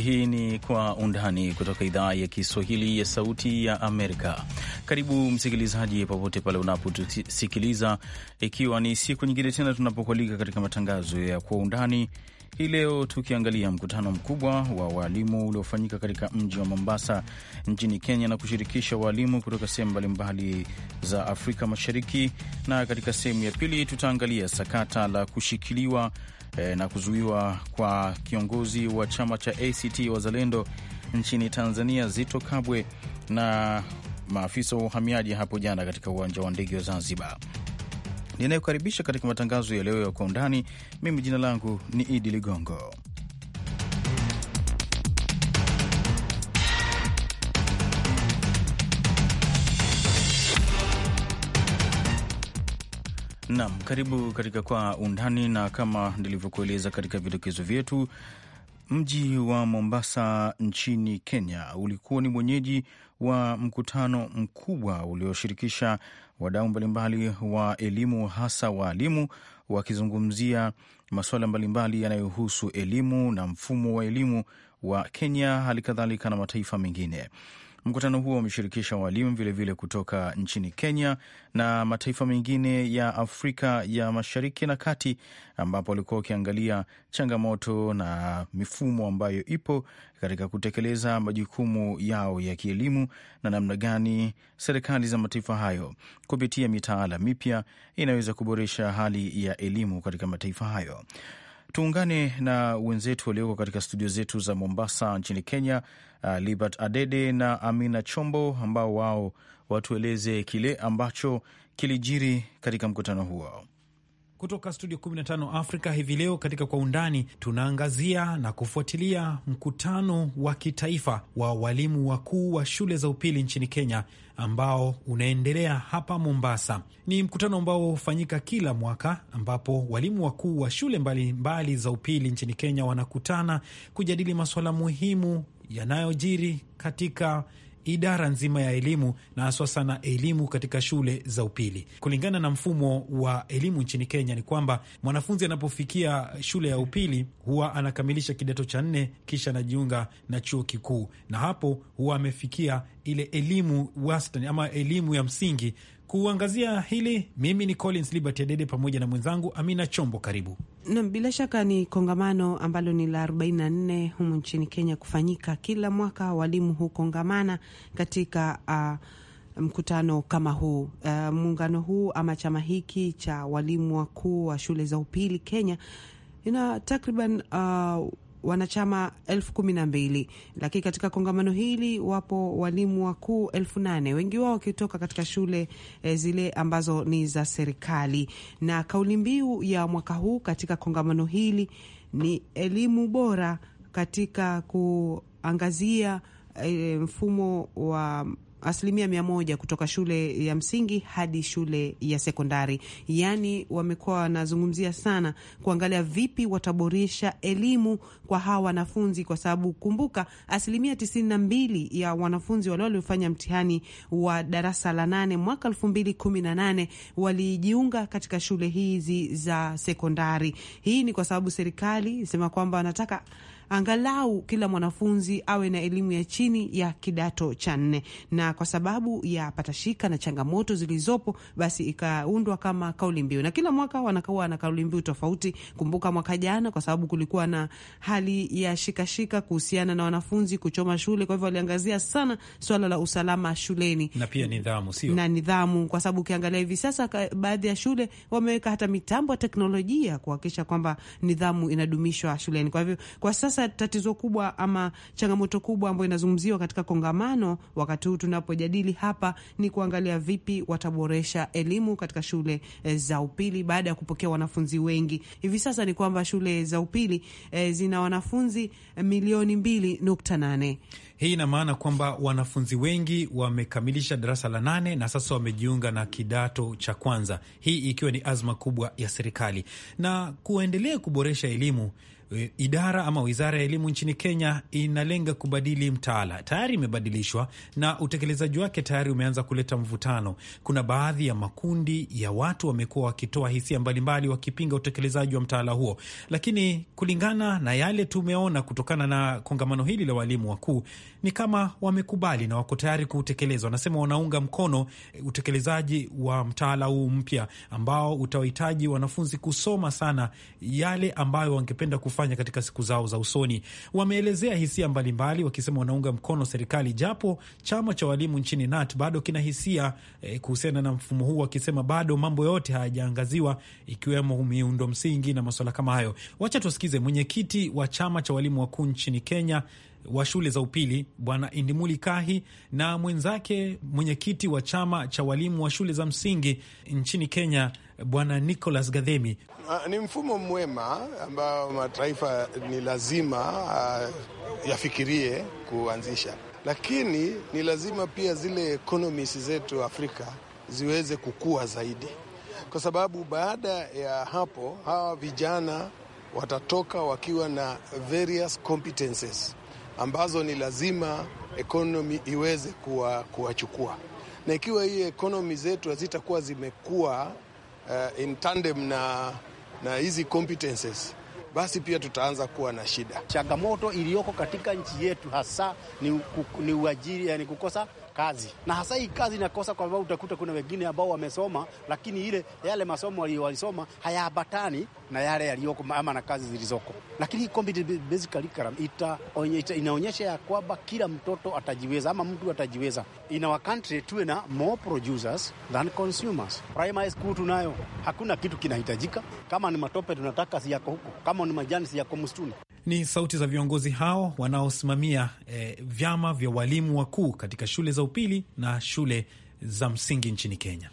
Hii ni Kwa Undani kutoka idhaa ya Kiswahili ya Sauti ya Amerika. Karibu msikilizaji, popote pale unapotusikiliza, ikiwa ni siku nyingine tena tunapokualika katika matangazo ya Kwa Undani hii leo tukiangalia mkutano mkubwa wa waalimu uliofanyika katika mji wa Mombasa nchini Kenya na kushirikisha waalimu kutoka sehemu mbalimbali za Afrika Mashariki, na katika sehemu ya pili tutaangalia sakata la kushikiliwa e, na kuzuiwa kwa kiongozi wa chama cha ACT Wazalendo nchini Tanzania Zito Kabwe na maafisa wa uhamiaji hapo jana katika uwanja wa ndege wa Zanzibar. Ninayekukaribisha katika matangazo ya leo ya Kwa Undani, mimi jina langu ni Idi Ligongo. Naam, karibu katika Kwa Undani, na kama nilivyokueleza katika vidokezo vyetu, mji wa Mombasa nchini Kenya ulikuwa ni mwenyeji wa mkutano mkubwa ulioshirikisha wadau mbalimbali wa elimu, hasa waalimu, wakizungumzia masuala mbalimbali yanayohusu elimu na mfumo wa elimu wa Kenya, hali kadhalika na mataifa mengine. Mkutano huo umeshirikisha walimu vilevile kutoka nchini Kenya na mataifa mengine ya Afrika ya Mashariki na Kati, ambapo walikuwa wakiangalia changamoto na mifumo ambayo ipo katika kutekeleza majukumu yao ya kielimu na namna gani serikali za mataifa hayo kupitia mitaala mipya inaweza kuboresha hali ya elimu katika mataifa hayo. Tuungane na wenzetu walioko katika studio zetu za Mombasa nchini Kenya, uh, Libert Adede na Amina Chombo, ambao wao watueleze kile ambacho kilijiri katika mkutano huo. Kutoka studio 15 Afrika hivi leo katika Kwa Undani tunaangazia na kufuatilia mkutano wa kitaifa wa walimu wakuu wa shule za upili nchini Kenya ambao unaendelea hapa Mombasa. Ni mkutano ambao hufanyika kila mwaka, ambapo walimu wakuu wa shule mbalimbali mbali za upili nchini Kenya wanakutana kujadili masuala muhimu yanayojiri katika idara nzima ya elimu na haswa sana elimu katika shule za upili. Kulingana na mfumo wa elimu nchini Kenya ni kwamba mwanafunzi anapofikia shule ya upili huwa anakamilisha kidato cha nne, kisha anajiunga na chuo kikuu, na hapo huwa amefikia ile elimu wastani ama elimu ya msingi. Kuangazia hili, mimi ni Collins Liberty Adede pamoja na mwenzangu Amina Chombo. Karibu na bila shaka ni kongamano ambalo ni la 44 humu nchini Kenya kufanyika kila mwaka. Walimu hukongamana katika uh, mkutano kama huu uh, muungano huu ama chama hiki cha walimu wakuu wa shule za upili Kenya ina takriban uh, wanachama elfu kumi na mbili lakini katika kongamano hili wapo walimu wakuu elfu nane wengi wao wakitoka katika shule e, zile ambazo ni za serikali. Na kauli mbiu ya mwaka huu katika kongamano hili ni elimu bora katika kuangazia e, mfumo wa asilimia mia moja kutoka shule ya msingi hadi shule ya sekondari. Yaani wamekuwa wanazungumzia sana kuangalia vipi wataboresha elimu kwa hawa wanafunzi, kwa sababu kumbuka, asilimia tisini na mbili ya wanafunzi wale waliofanya mtihani wa darasa la nane mwaka elfu mbili kumi na nane walijiunga katika shule hizi za sekondari. Hii ni kwa sababu serikali sema kwamba wanataka angalau kila mwanafunzi awe na elimu ya chini ya kidato cha nne, na kwa sababu ya patashika na changamoto zilizopo, basi ikaundwa kama kauli mbiu, na kila mwaka wanakuwa na kauli mbiu tofauti. Kumbuka mwaka jana, kwa sababu kulikuwa na hali ya shikashika kuhusiana na wanafunzi kuchoma shule, kwa hivyo waliangazia sana swala la usalama shuleni na pia nidhamu, sio na nidhamu, kwa sababu ukiangalia hivi sasa baadhi ya shule wameweka hata mitambo ya teknolojia kuhakikisha kwamba nidhamu inadumishwa shuleni. Kwa hivyo kwa sasa sasa tatizo kubwa ama changamoto kubwa ambayo inazungumziwa katika kongamano wakati huu tunapojadili hapa ni kuangalia vipi wataboresha elimu katika shule e, za upili baada ya kupokea wanafunzi wengi. Hivi sasa ni kwamba shule za upili e, zina wanafunzi eh, milioni mbili nukta nane. Hii ina maana kwamba wanafunzi wengi wamekamilisha darasa la nane na sasa wamejiunga na kidato cha kwanza, hii ikiwa ni azma kubwa ya serikali na kuendelea kuboresha elimu. Eh, idara ama wizara ya elimu nchini Kenya inalenga kubadili mtaala, tayari imebadilishwa na utekelezaji wake tayari umeanza kuleta mvutano. Kuna baadhi ya makundi ya watu wamekuwa wakitoa hisia mbalimbali wakipinga utekelezaji wa mtaala huo, lakini kulingana na yale tumeona kutokana na kongamano hili la walimu wakuu, ni kama wamekubali na wako tayari kuutekeleza. Wanasema wanaunga mkono eh, utekelezaji wa mtaala huu mpya ambao utawahitaji wanafunzi kusoma sana yale ambayo wangependa kufanya katika siku zao za usoni. Wameelezea hisia mbalimbali, wakisema wanaunga mkono serikali, japo chama cha walimu nchini NAT bado kina hisia eh, kuhusiana na mfumo huu, wakisema bado mambo yote hayajaangaziwa ikiwemo miundo msingi na masuala kama hayo. Wacha tusikize mwenyekiti wa chama cha walimu wakuu nchini Kenya wa shule za upili Bwana Indimuli Kahi na mwenzake mwenyekiti wa chama cha walimu wa shule za msingi nchini Kenya Bwana Nicholas Gadhemi. Ah, ni mfumo mwema ambao mataifa ni lazima uh, yafikirie kuanzisha, lakini ni lazima pia zile economies zetu Afrika ziweze kukua zaidi, kwa sababu baada ya hapo hawa vijana watatoka wakiwa na various competences ambazo ni lazima ekonomi iweze kuwachukua kuwa na ikiwa hii ekonomi zetu hazitakuwa zimekuwa uh, in tandem na na hizi competences basi pia tutaanza kuwa na shida. Changamoto iliyoko katika nchi yetu hasa ni, ni uajiri, yani kukosa kazi, na hasa hii kazi inakosa, kwa sababu utakuta kuna wengine ambao wamesoma, lakini ile yale masomo walisoma hayaambatani na yale yaliyoko ama na kazi zilizoko. Lakini hii competency based curriculum ita, ita, inaonyesha ya kwamba kila mtoto atajiweza ama mtu atajiweza. In our country tuwe na more producers than consumers. Primary school tunayo, hakuna kitu kinahitajika. Kama ni matope tunataka siyako huko, kama ni majani siyako msituni. Ni sauti za viongozi hao wanaosimamia eh, vyama vya walimu wakuu katika shule za upili na shule za msingi nchini Kenya.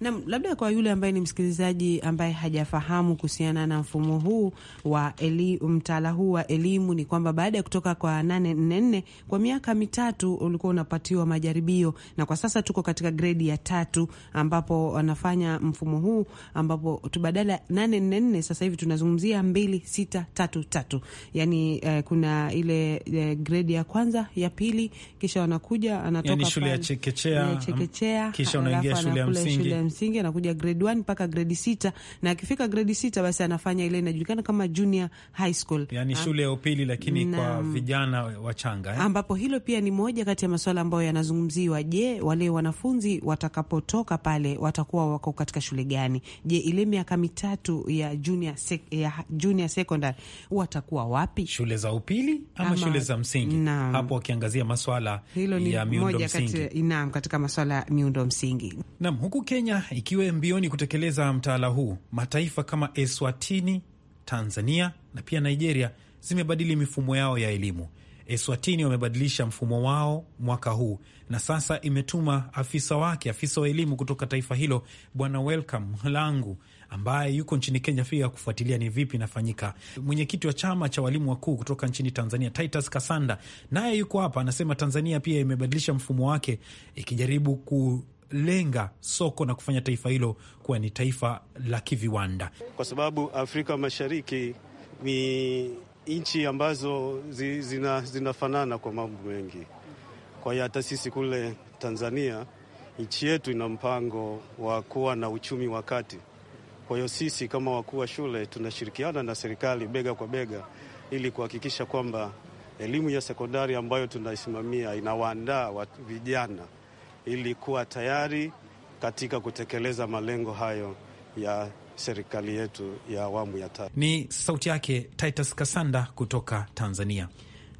Na labda kwa yule ambaye ni msikilizaji ambaye hajafahamu kuhusiana na mfumo huu wa elimu, mtaala huu wa elimu ni kwamba baada ya kutoka kwa nane nne nne, kwa miaka mitatu ulikuwa unapatiwa majaribio, na kwa sasa tuko katika gredi ya tatu ambapo wanafanya mfumo huu ambapo tubadala nane nne nne sasa hivi tunazungumzia mbili sita tatu tatu, yani eh, kuna ile eh, gredi ya kwanza ya pili, kisha wanakuja yaani anatoka yani shule ya chekechea, chekechea kisha unaingia shule ya msingi msingi anakuja grade one mpaka grade sita, na akifika grade sita basi anafanya ile inajulikana kama junior high school, yani ha, ah. shule ya upili lakini na, kwa vijana wachanga eh? Ambapo hilo pia ni moja kati ya masuala ambayo yanazungumziwa. Je, wale wanafunzi watakapotoka pale watakuwa wako katika shule gani? Je, ile miaka mitatu ya junior sec, ya junior secondary watakuwa wapi? Shule za upili ama, ama shule za msingi na, hapo wakiangazia masuala ya miundo msingi. Kati, Naam, katika masuala ya miundo msingi. Naam, huku Kenya ikiwa mbioni kutekeleza mtaala huu. Mataifa kama Eswatini, Tanzania na pia Nigeria zimebadili mifumo yao ya elimu. Eswatini wamebadilisha mfumo wao mwaka huu na sasa imetuma afisa wake, afisa wa elimu kutoka taifa hilo, Bwana Welcome Mlangu ambaye yuko nchini Kenya pia kufuatilia ni vipi inafanyika. Mwenyekiti wa chama cha walimu wakuu kutoka nchini Tanzania, Titus Kasanda, naye yuko hapa, anasema Tanzania pia imebadilisha mfumo wake ikijaribu ku lenga soko na kufanya taifa hilo kuwa ni taifa la kiviwanda, kwa sababu Afrika Mashariki ni nchi ambazo zina, zinafanana kwa mambo mengi. Kwa hiyo hata sisi kule Tanzania nchi yetu ina mpango wa kuwa na uchumi wa kati. Kwa hiyo sisi kama wakuu wa shule tunashirikiana na serikali bega kwa bega ili kuhakikisha kwamba elimu ya sekondari ambayo tunaisimamia inawaandaa vijana ili kuwa tayari katika kutekeleza malengo hayo ya serikali yetu ya awamu ya tatu. Ni sauti yake Titus Kasanda kutoka Tanzania.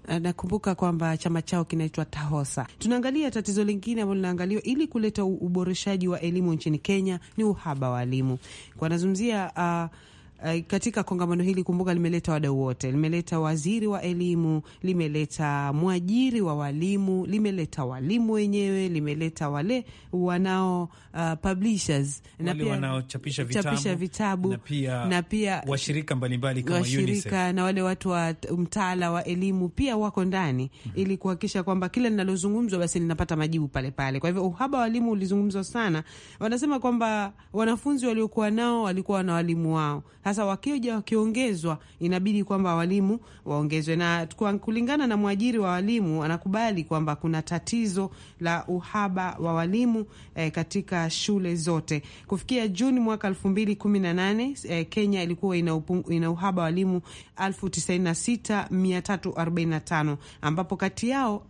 Eh, nakumbuka kwamba chama chao kinaitwa Tahosa. Tunaangalia tatizo lingine ambalo linaangaliwa ili kuleta uboreshaji wa elimu nchini Kenya ni uhaba wa elimu, kwa nazungumzia uh, Eh, katika kongamano hili, kumbuka, limeleta wadau wote, limeleta waziri wa elimu, limeleta mwajiri wa walimu, limeleta walimu wenyewe, limeleta wale wanao uh, publishers na wale pia wanaochapisha vitabu, vitabu na pia, na pia washirika mbalimbali kama UNICEF na wale watu wa mtaala wa elimu pia wako ndani mm -hmm. ili kuhakikisha kwamba kila linalozungumzwa basi linapata majibu pale pale. Kwa hivyo uhaba wa walimu ulizungumzwa sana, wanasema kwamba wanafunzi waliokuwa nao walikuwa na walimu wao hasa wakija wakiongezwa, inabidi kwamba walimu waongezwe, na kulingana na mwajiri wa walimu anakubali kwamba kuna tatizo la uhaba wa walimu eh, katika shule zote. Kufikia Juni mwaka nane eh, Kenya ilikuwa ina, upu, ina uhaba wa walimu tano ambapo kati yao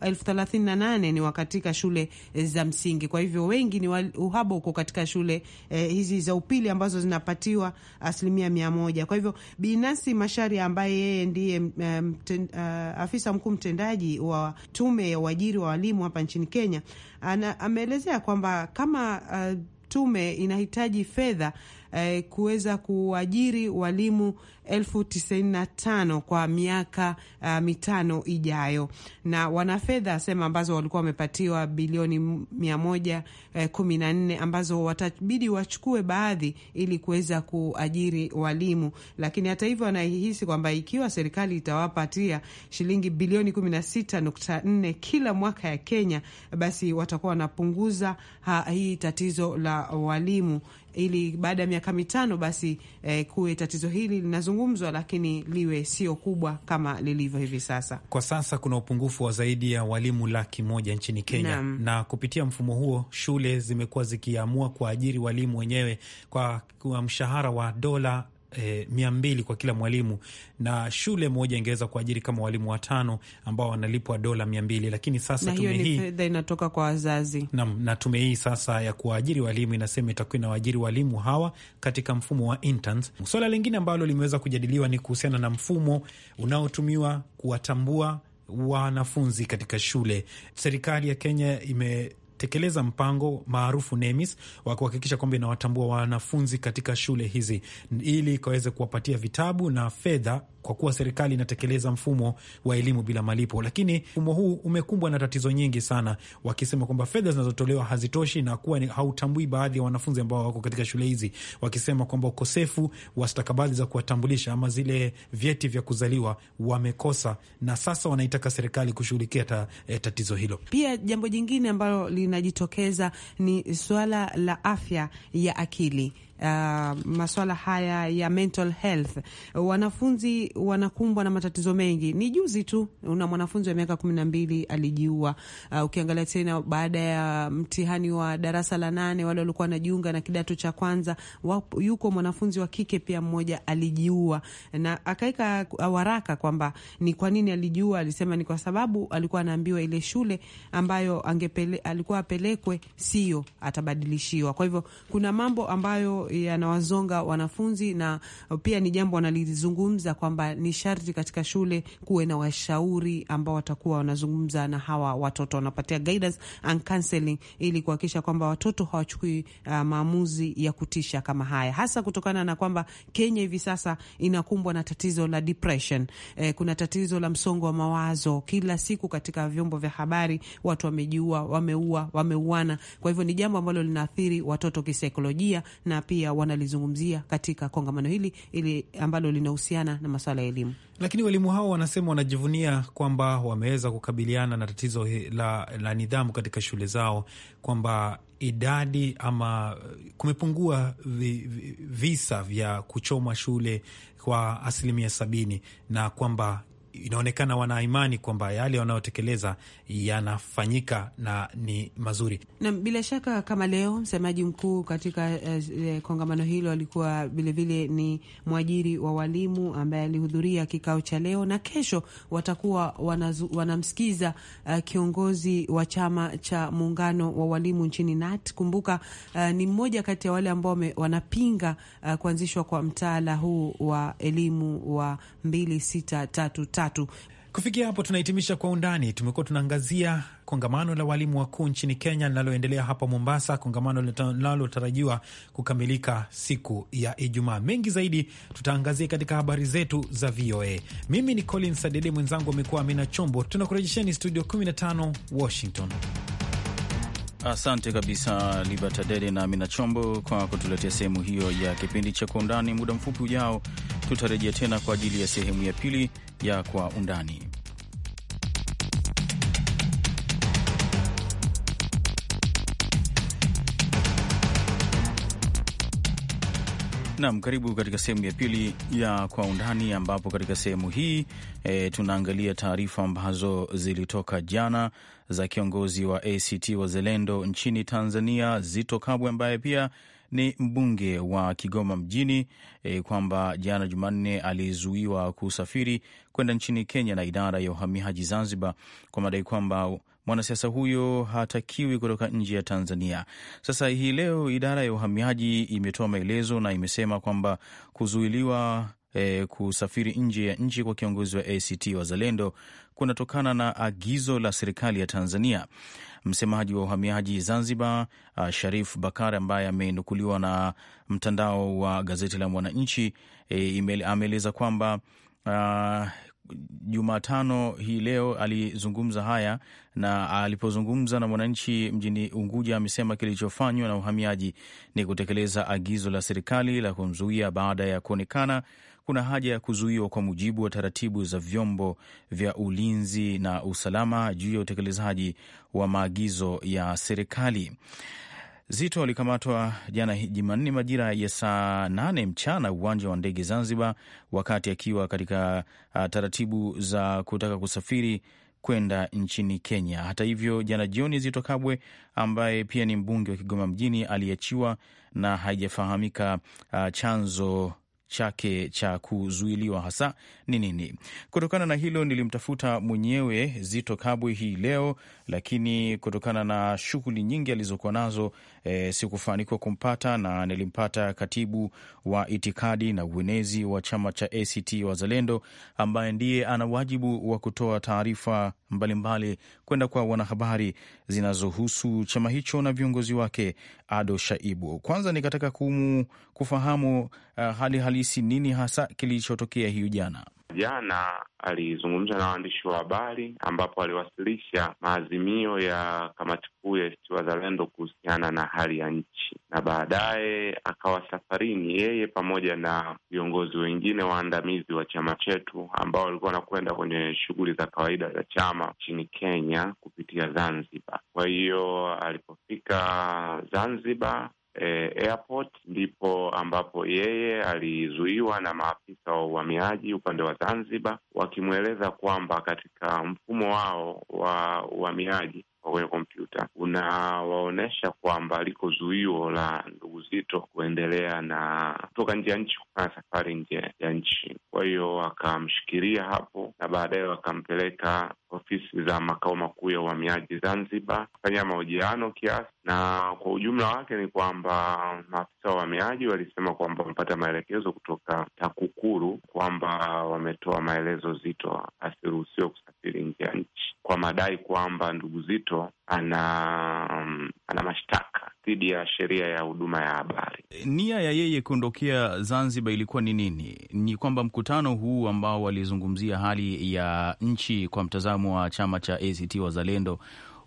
nane ni wakatika shule za msingi. Kwa hivyo wengi ni uhaba uko katika shule eh, hizi za upili ambazo zinapatiwa asilimia mia mia moja. Kwa hivyo Binasi Mashari ambaye yeye ndiye um, eh, ten, uh, eh, afisa mkuu mtendaji wa tume ya uajiri wa walimu hapa nchini Kenya ameelezea kwamba kama uh, tume inahitaji fedha eh, kuweza kuajiri walimu elfu tisini na tano kwa miaka uh, mitano ijayo, na wana fedha sema ambazo walikuwa wamepatiwa bilioni mia moja eh, kumi na nne ambazo watabidi wachukue baadhi ili kuweza kuajiri walimu. Lakini hata hivyo, wanahisi kwamba ikiwa serikali itawapatia shilingi bilioni kumi na sita nukta nne kila mwaka ya Kenya, basi watakuwa wanapunguza hii tatizo la walimu ili baada ya miaka mitano basi eh, kuwe tatizo hili linazungumzwa, lakini liwe sio kubwa kama lilivyo hivi sasa. Kwa sasa kuna upungufu wa zaidi ya walimu laki moja nchini Kenya na, na kupitia mfumo huo shule zimekuwa zikiamua kuajiri walimu wenyewe kwa, kwa mshahara wa dola E, mia mbili kwa kila mwalimu na shule moja ingeweza kuajiri kama walimu watano ambao wanalipwa dola mia mbili lakini sasa tume hii inatoka kwa wazazi na, na tume hii sasa ya kuwaajiri walimu inasema itakuwa inawaajiri walimu hawa katika mfumo wa interns. Swala lingine ambalo limeweza kujadiliwa ni kuhusiana na mfumo unaotumiwa kuwatambua wanafunzi katika shule. Serikali ya Kenya ime inatekeleza mpango maarufu NEMIS wa kuhakikisha kwamba inawatambua wanafunzi katika shule hizi ili ikaweze kuwapatia vitabu na fedha kwa kuwa serikali inatekeleza mfumo wa elimu bila malipo. Lakini mfumo huu umekumbwa na tatizo nyingi sana, wakisema kwamba fedha zinazotolewa hazitoshi na kuwa hautambui baadhi ya wanafunzi ambao wako katika shule hizi, wakisema kwamba ukosefu wa stakabadhi za kuwatambulisha ama zile vyeti vya kuzaliwa wamekosa, na sasa wanaitaka serikali kushughulikia eh, tatizo hilo. Pia jambo jingine ambalo li linajitokeza ni swala la afya ya akili uh, maswala haya ya mental health, wanafunzi wanakumbwa na matatizo mengi. Ni juzi tu una mwanafunzi wa miaka kumi na mbili alijiua. Uh, ukiangalia tena baada ya mtihani wa darasa la nane, wale walikuwa wanajiunga na kidato cha kwanza, wap, yuko mwanafunzi wa kike pia mmoja alijiua, na akaweka waraka kwamba ni kwa nini alijiua. Alisema ni kwa sababu alikuwa anaambiwa ile shule ambayo angepele, alikuwa apelekwe sio, atabadilishiwa. Kwa hivyo kuna mambo ambayo ambayo yanawazonga wanafunzi, na pia ni jambo wanalizungumza kwamba ni sharti katika shule kuwe na washauri ambao watakuwa wanazungumza na hawa watoto, wanapatia guidance and counseling ili kuhakikisha kwamba watoto hawachukui uh, maamuzi ya kutisha kama haya, hasa kutokana na kwamba Kenya hivi sasa inakumbwa na tatizo la depression. Eh, kuna tatizo la msongo wa mawazo. Kila siku katika vyombo vya habari watu wamejiua, wameua, wameuana. Kwa hivyo ni jambo ambalo linaathiri watoto kisaikolojia na pia pia wanalizungumzia katika kongamano hili ili ambalo linahusiana na masuala ya elimu. Lakini walimu hao wanasema wanajivunia kwamba wameweza kukabiliana na tatizo la, la nidhamu katika shule zao kwamba idadi ama kumepungua visa vya kuchomwa shule kwa asilimia sabini na kwamba inaonekana wanaimani kwamba yale wanayotekeleza yanafanyika na ni mazuri. Na bila shaka kama leo msemaji mkuu katika eh, eh kongamano hilo alikuwa vilevile ni mwajiri wa walimu ambaye alihudhuria kikao cha leo, na kesho watakuwa wanazu, wanamsikiza eh, kiongozi wa chama cha muungano wa walimu nchini NAT. Kumbuka eh, ni mmoja kati ya wale ambao wanapinga eh, kuanzishwa kwa mtaala huu wa elimu wa mbili sita tatu tatu tatu. Kufikia hapo tunahitimisha Kwa Undani. Tumekuwa tunaangazia kongamano la walimu wakuu nchini Kenya linaloendelea hapa Mombasa, kongamano linalotarajiwa kukamilika siku ya Ijumaa. Mengi zaidi tutaangazia katika habari zetu za VOA. Mimi ni Colin Sadede, mwenzangu amekuwa Amina Chombo. Tunakurejesheni studio 15 Washington. Asante kabisa Libertadede na Amina Chombo kwa kutuletea sehemu hiyo ya kipindi cha Kwa Undani. Muda mfupi ujao tutarejea tena kwa ajili ya sehemu ya pili ya Kwa Undani. Naam, karibu katika sehemu ya pili ya Kwa Undani, ambapo katika sehemu hii e, tunaangalia taarifa ambazo zilitoka jana za kiongozi wa ACT Wazalendo nchini Tanzania, Zito Kabwe, ambaye pia ni mbunge wa Kigoma Mjini, e, kwamba jana Jumanne alizuiwa kusafiri kwenda nchini Kenya na idara ya uhamiaji Zanzibar kwa madai kwamba mwanasiasa huyo hatakiwi kutoka nje ya Tanzania. Sasa hii leo idara ya uhamiaji imetoa maelezo na imesema kwamba kuzuiliwa E, kusafiri nje ya nchi kwa kiongozi wa ACT Wazalendo kunatokana na agizo la serikali ya Tanzania. Msemaji wa uhamiaji Zanzibar, ah, Sharif Bakar, ambaye amenukuliwa na mtandao wa gazeti la Mwananchi, e, ameeleza kwamba Uh, Jumatano hii leo alizungumza haya, na alipozungumza na mwananchi mjini Unguja amesema kilichofanywa na uhamiaji ni kutekeleza agizo la serikali la kumzuia baada ya kuonekana kuna haja ya kuzuiwa kwa mujibu wa taratibu za vyombo vya ulinzi na usalama juu ya utekelezaji wa maagizo ya serikali. Zito alikamatwa jana Jumanne majira ya saa nane mchana uwanja wa ndege Zanzibar, wakati akiwa katika uh, taratibu za kutaka kusafiri kwenda nchini Kenya. Hata hivyo, jana jioni Zito Kabwe ambaye pia ni mbunge wa Kigoma mjini aliachiwa na haijafahamika uh, chanzo chake cha kuzuiliwa hasa ni nini. Kutokana na hilo, nilimtafuta mwenyewe Zito Kabwe hii leo lakini kutokana na shughuli nyingi alizokuwa nazo e, sikufanikiwa kumpata, na nilimpata katibu wa itikadi na uenezi wa chama cha ACT Wazalendo, ambaye ndiye ana wajibu wa kutoa taarifa mbalimbali kwenda kwa wanahabari zinazohusu chama hicho na viongozi wake. Ado Shaibu, kwanza nikataka kumu, kufahamu uh, hali halisi nini hasa kilichotokea hiyo jana. Jana alizungumza na waandishi wa habari ambapo aliwasilisha maazimio ya kamati kuu ya ACT Wazalendo kuhusiana na hali ya nchi, na baadaye akawa safarini yeye pamoja na viongozi wengine waandamizi wa chama chetu ambao walikuwa wanakwenda kwenye shughuli za kawaida za chama nchini Kenya kupitia Zanzibar. Kwa hiyo alipofika Zanzibar eh, airport ndipo ambapo yeye alizuiwa na maafisa wa uhamiaji upande wa Zanzibar, wakimweleza kwamba katika mfumo wao wa uhamiaji kwenye kompyuta unawaonyesha kwamba liko zuio la ndugu Zito kuendelea na kutoka nje ya nchi, kufanya safari nje ya nchi. Kwa hiyo wakamshikilia hapo na baadaye wakampeleka ofisi za makao makuu ya uhamiaji Zanzibar kufanya mahojiano kiasi, na kwa ujumla wake ni kwamba maafisa wa uhamiaji walisema kwamba wamepata maelekezo kutoka TAKUKURU kwamba wametoa maelezo Zito asiruhusiwe kusafiri nje ya nchi kwa madai kwamba ndugu Zito Ruto ana um, ana mashtaka dhidi ya sheria ya huduma ya habari. Nia ya yeye kuondokea Zanzibar ilikuwa ni nini? Ni kwamba mkutano huu ambao walizungumzia hali ya nchi kwa mtazamo wa chama cha ACT Wazalendo,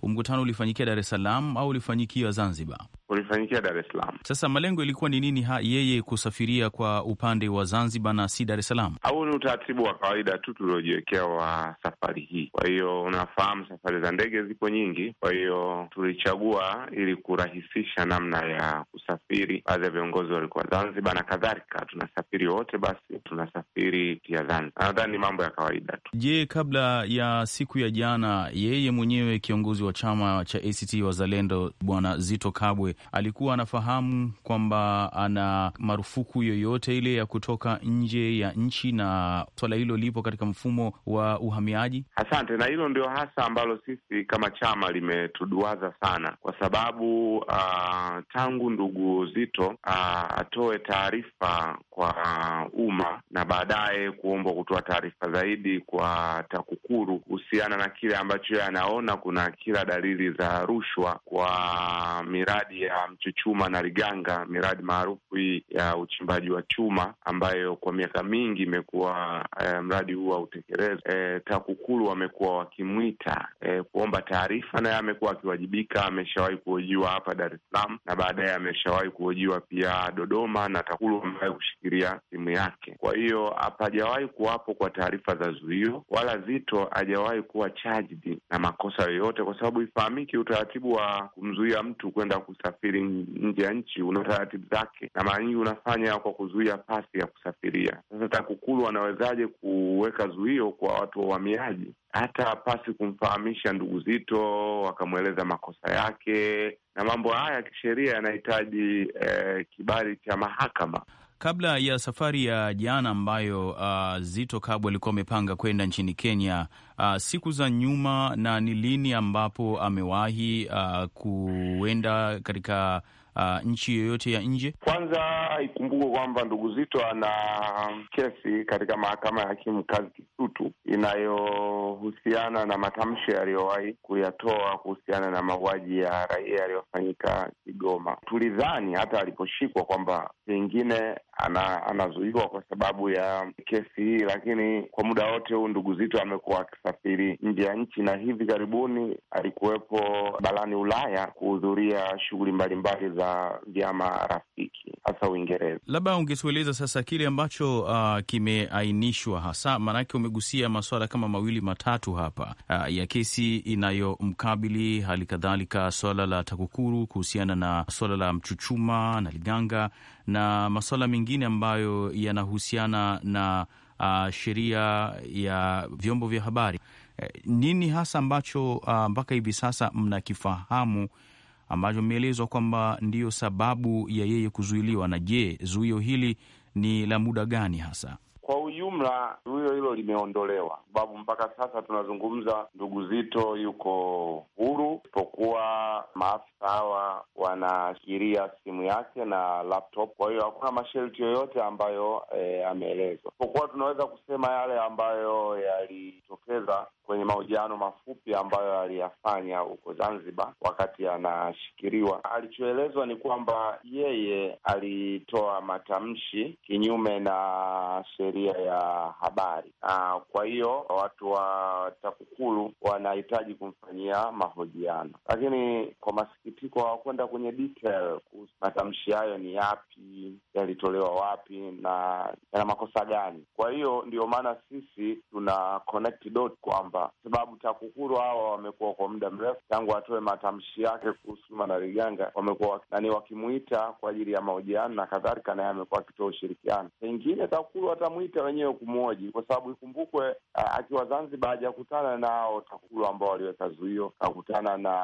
mkutano ulifanyikia Dar es Salaam au ulifanyikia Zanzibar? ulifanyikia Dar es Salaam. Sasa malengo ilikuwa ni nini ha yeye kusafiria kwa upande wa Zanzibar na si Dar es Salaam? Au ni utaratibu wa kawaida tu tuliojiwekea wa safari hii? Kwa hiyo unafahamu safari za ndege zipo nyingi, kwa hiyo tulichagua ili kurahisisha namna ya kusafiri. Baadhi ya viongozi walikuwa Zanzibar na kadhalika, tunasafiri wote, basi tunasafiri pia Zanzibar. Nadhani ni mambo ya kawaida tu. Je, kabla ya siku ya jana, yeye mwenyewe kiongozi wa chama cha ACT Wazalendo Bwana Zito Kabwe alikuwa anafahamu kwamba ana marufuku yoyote ile ya kutoka nje ya nchi, na swala hilo lipo katika mfumo wa uhamiaji? Asante, na hilo ndio hasa ambalo sisi kama chama limetuduaza sana, kwa sababu uh, tangu ndugu Zito uh, ah, atoe taarifa kwa umma na baadaye kuombwa kutoa taarifa zaidi kwa TAKUKURU kuhusiana na kile ambacho yeye anaona kuna kila dalili za rushwa kwa miradi ya ya um, Mchuchuma na Liganga, miradi maarufu hii ya uchimbaji wa chuma ambayo kwa miaka mingi imekuwa eh, mradi huu hautekelezwa. Eh, TAKUKURU wamekuwa wakimwita eh, kuomba taarifa, naye amekuwa akiwajibika. Ameshawahi kuhojiwa hapa Dar es Salaam na baadaye ameshawahi kuhojiwa pia Dodoma, na TAKUKURU amewahi kushikilia simu yake. Kwa hiyo hapajawahi kuwapo kwa taarifa za zuio, wala Zito hajawahi kuwa charged na makosa yoyote, kwa sababu ifahamiki utaratibu wa kumzuia mtu kwenda kusafiri kusafiri nje ya nchi una taratibu zake, na mara nyingi unafanya kwa kuzuia pasi ya kusafiria. Sasa TAKUKURU wanawezaje kuweka zuio kwa watu wa uhamiaji, hata pasi kumfahamisha ndugu Zito wakamweleza makosa yake na mambo haya ya kisheria yanahitaji eh, kibali cha mahakama kabla ya safari ya jana ambayo uh, Zito Kabwe alikuwa amepanga kwenda nchini Kenya uh, siku za nyuma, na ni lini ambapo amewahi uh, kuenda katika uh, nchi yoyote ya nje? Kwanza ikumbukwe kwamba ndugu Zito ana kesi katika mahakama ya hakimu kazi Kisutu inayohusiana na matamshi yaliyowahi kuyatoa kuhusiana na mauaji ya raia yaliyofanyika Kigoma. Tulidhani hata aliposhikwa kwamba pengine ana, anazuiwa kwa sababu ya kesi hii, lakini kwa muda wote huu ndugu Zito amekuwa akisafiri nje ya nchi na hivi karibuni alikuwepo barani Ulaya kuhudhuria shughuli mbalimbali za vyama rafiki hasa Uingereza. Labda ungetueleza sasa kile ambacho uh, kimeainishwa hasa, maanake umegusia maswala kama mawili matatu hapa uh, ya kesi inayomkabili hali kadhalika swala la TAKUKURU kuhusiana na swala la Mchuchuma na Liganga na masuala mengine ambayo yanahusiana na uh, sheria ya vyombo vya habari. Eh, nini hasa ambacho uh, mpaka hivi sasa mnakifahamu ambacho mmeelezwa kwamba ndiyo sababu ya yeye kuzuiliwa, na je, zuio hili ni la muda gani hasa? Kwa ujumla hilo hilo limeondolewa, sababu mpaka sasa tunazungumza, ndugu Zito yuko huru, isipokuwa maafisa hawa wanashikilia simu yake na laptop. Kwa hiyo hakuna masharti yoyote ambayo e, ameelezwa, isipokuwa tunaweza kusema yale ambayo yalitokeza kwenye mahojiano mafupi ambayo aliyafanya huko Zanzibar wakati anashikiriwa Alichoelezwa ni kwamba yeye alitoa matamshi kinyume na sheria sheria ya habari. Aa, kwa hiyo watu wa TAKUKULU wanahitaji kumfanyia mahojiano, lakini kwa masikitiko hawakwenda kwenye detail kuhusu matamshi hayo ni yapi, yalitolewa wapi na yana makosa gani. Kwa hiyo ndiyo maana sisi tuna connect dot kwamba sababu TAKUKULU hawa wamekuwa kwa muda mrefu tangu watoe matamshi yake kuhusu Manariganga, wamekuwa nani wakimuita kwa ajili ya mahojiano na kadhalika, naye amekuwa akitoa ushirikiano, pengine TAKUKULU wamemwita wenyewe kumwoji, kwa sababu ikumbukwe akiwa Zanzibar hajakutana nao TAKUKULU ambao waliweka zuio, kakutana na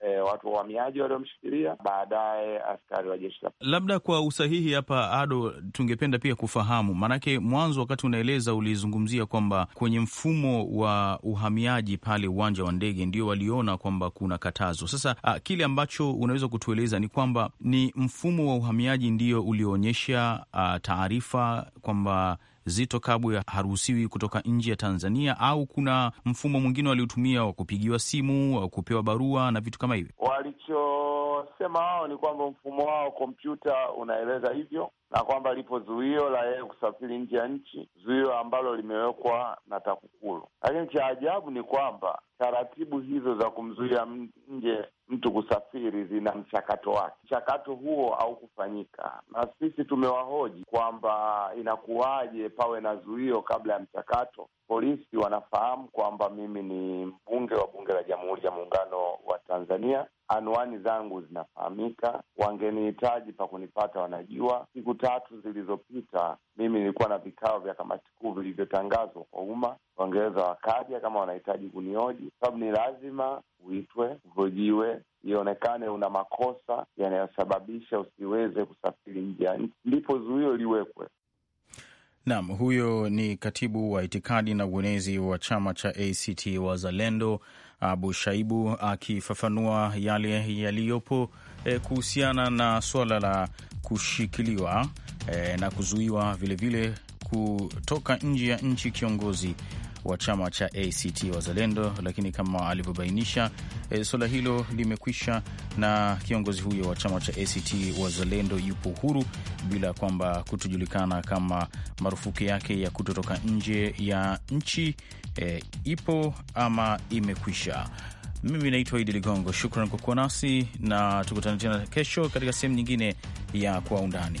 e, watu wa uhamiaji waliomshikilia, baadaye askari wa jeshi la. Labda kwa usahihi hapa, Ado, tungependa pia kufahamu, maanake mwanzo wakati unaeleza ulizungumzia kwamba kwenye mfumo wa uhamiaji pale uwanja wa ndege ndio waliona kwamba kuna katazo. Sasa a, kile ambacho unaweza kutueleza ni kwamba ni mfumo wa uhamiaji ndio ulioonyesha taarifa kwamba Zito Kabwe haruhusiwi kutoka nje ya Tanzania, au kuna mfumo mwingine waliotumia wa kupigiwa simu au kupewa barua na vitu kama hivyo? Walichosema wao ni kwamba mfumo wao kompyuta unaeleza hivyo na kwamba lipo zuio la yeye kusafiri nje ya nchi, zuio ambalo limewekwa na TAKUKURU. Lakini cha ajabu ni kwamba taratibu hizo za kumzuia nje mtu kusafiri zina mchakato wake. Mchakato huo haukufanyika, na sisi tumewahoji kwamba inakuwaje pawe na zuio kabla ya mchakato. Polisi wanafahamu kwamba mimi ni mbunge wa Bunge la Jamhuri ya Muungano wa Tanzania, anwani zangu zinafahamika, wangenihitaji pa kunipata wanajua. Siku tatu zilizopita mimi nilikuwa na vikao vya kamati kuu vilivyotangazwa kwa umma, wangeweza wakaja kama wanahitaji kunioji, kwa sababu ni lazima uitwe, uhojiwe, ionekane una makosa yanayosababisha usiweze kusafiri nje ya nchi, ndipo zuio liwekwe. Naam, huyo ni katibu wa itikadi na uenezi wa chama cha ACT Wazalendo Abu Shaibu akifafanua yale yaliyopo e, kuhusiana na suala la kushikiliwa e, na kuzuiwa vilevile kutoka nje ya nchi kiongozi wa chama cha ACT Wazalendo, lakini kama alivyobainisha e, suala hilo limekwisha na kiongozi huyo wa chama cha ACT Wazalendo yupo huru bila kwamba kutojulikana kama marufuku yake ya kutotoka nje ya nchi e, ipo ama imekwisha. Mimi naitwa Idi Ligongo, shukran kwa kuwa nasi na tukutane tena kesho katika sehemu nyingine ya Kwa Undani.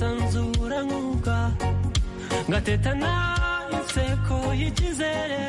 sanzuranguka gatetana inseko y'ikizere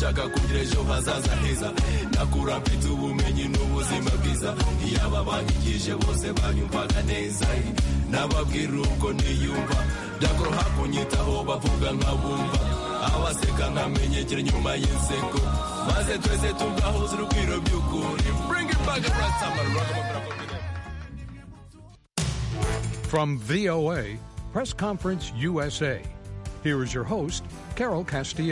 shaka kugira ejo hazaza heza nakura mfite ubumenyi n'ubuzima bwiza bose banyumvaga neza nababwira niyumva bavuga nkabumva abaseka nkamenyekera y'inseko maze twese tugahuza urugwiro by'ukuri From VOA, Press Conference USA. Here is your host, Carol Castillo.